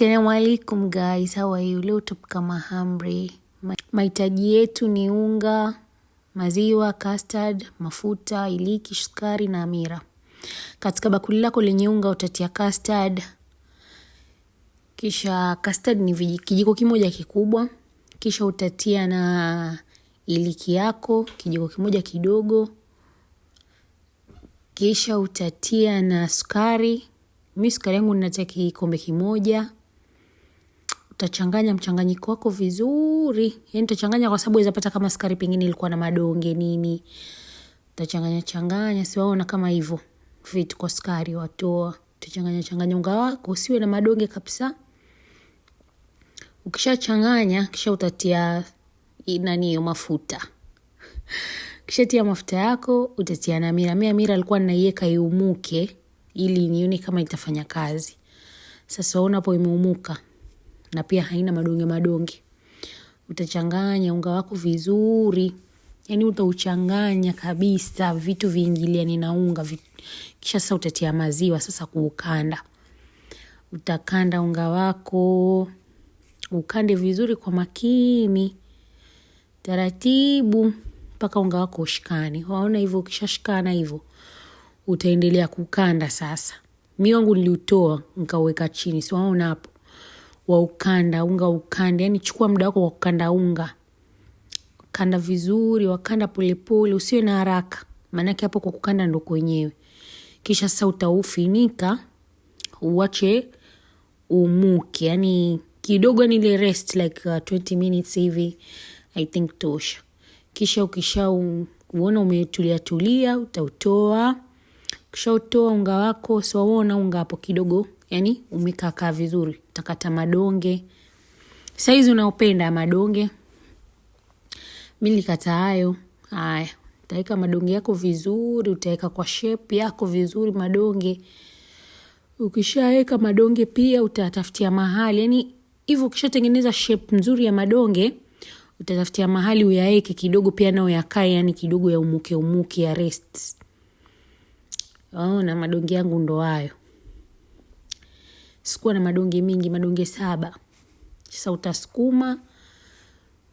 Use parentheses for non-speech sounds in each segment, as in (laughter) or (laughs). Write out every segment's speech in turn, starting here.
Assalamu alaikum guys, how are you? Leo tupo kama hamri. Mahitaji yetu ni unga, maziwa, custard, mafuta, iliki, sukari na amira. Katika bakuli lako lenye unga utatia custard. Kisha custard ni kijiko kimoja kikubwa, kisha utatia na iliki yako kijiko kimoja kidogo, kisha utatia na sukari. Mi sukari yangu ninatia kikombe kimoja utachanganya mchanganyiko wako vizuri. Yani utachanganya kwa sababu waweza pata kama sukari pengine ilikuwa na madonge nini, utachanganya changanya, si waona kama hivyo vitu kwa sukari watoa, utachanganya changanya unga wako usiwe na madonge kabisa. Ukishachanganya kisha utatia nani hiyo mafuta (laughs) kisha tia mafuta yako utatia na mira. Mimi mira alikuwa naiweka iumuke ili nione kama itafanya kazi. Sasa unapo imeumuka na pia haina madonge madonge. Utachanganya unga wako vizuri, yani utauchanganya kabisa, vitu viingiliane yaani na unga. Kisha sasa utatia maziwa sasa kuukanda. Utakanda unga wako, ukande vizuri kwa makini, taratibu mpaka unga wako ushikane. Waona hivyo, ukishashikana hivyo utaendelea kukanda sasa. Mi wangu niliutoa nikauweka chini, siwaona hapo wa ukanda unga ukande, yani chukua muda wako wa kukanda unga, kanda vizuri, wakanda polepole, usiwe na haraka, maanake hapo kwa kukanda ndo kwenyewe. Kisha sasa utaufinika uwache umuke, yani kidogo, ni ile rest like uh, 20 minutes hivi I think tosha. Kisha ukisha uona umetulia tulia, utautoa Ukishautoa unga wako, si unga hapo kidogo, yani umekakaa vizuri. takata madonge saizi unaopenda madonge. Mi nilikata hayo haya. Utaweka madonge yako vizuri, utaweka kwa shepu yako vizuri madonge. Ukishaweka madonge pia utatafutia mahali, yani hivyo. Ukishatengeneza shepu nzuri ya madonge utatafutia mahali uyaweke kidogo, pia nao yakae, yani kidogo yaumuke umuke, ya rest. Waona oh, madonge yangu ndo hayo. Sikuwa na madonge mingi, madonge saba. Sasa utasukuma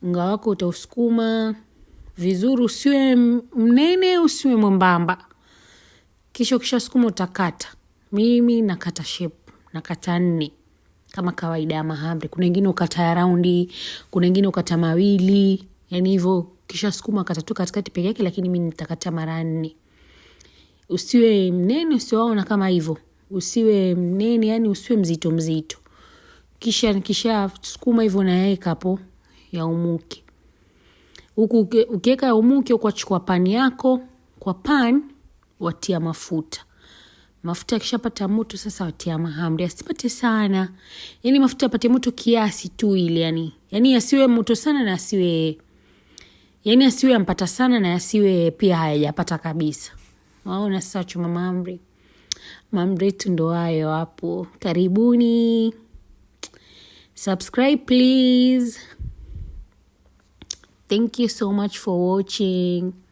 unga wako, utausukuma vizuri, usiwe mnene, usiwe mwembamba. Kisha sukuma utakata. Mimi nakata shep nakata nne kama kawaida ya mahamri. Kuna wengine ukata ya raundi, kuna wengine ukata mawili, yani hivyo. Kisha sukuma katatu tu katikati peke yake, lakini mi nitakata mara nne usiwe mnene, usiwaona kama hivyo, usiwe mnene, yani usiwe mzito mzito. Kisha nikisha sukuma hivyo, nayaweka hapo yaumuke. Huku ukiweka yaumuke, ukachukua pani yako, kwa pan watia mafuta mafuta akishapata moto sasa, watia mahamri, asipate sana, yani mafuta apate moto kiasi tu ile, yani yani asiwe moto sana na asiwe yani asiwe ampata sana na asiwe pia hayajapata kabisa waona sasa wachuma mamri mamri yetu ndo hayo hapo. Karibuni, subscribe please. Thank you so much for watching.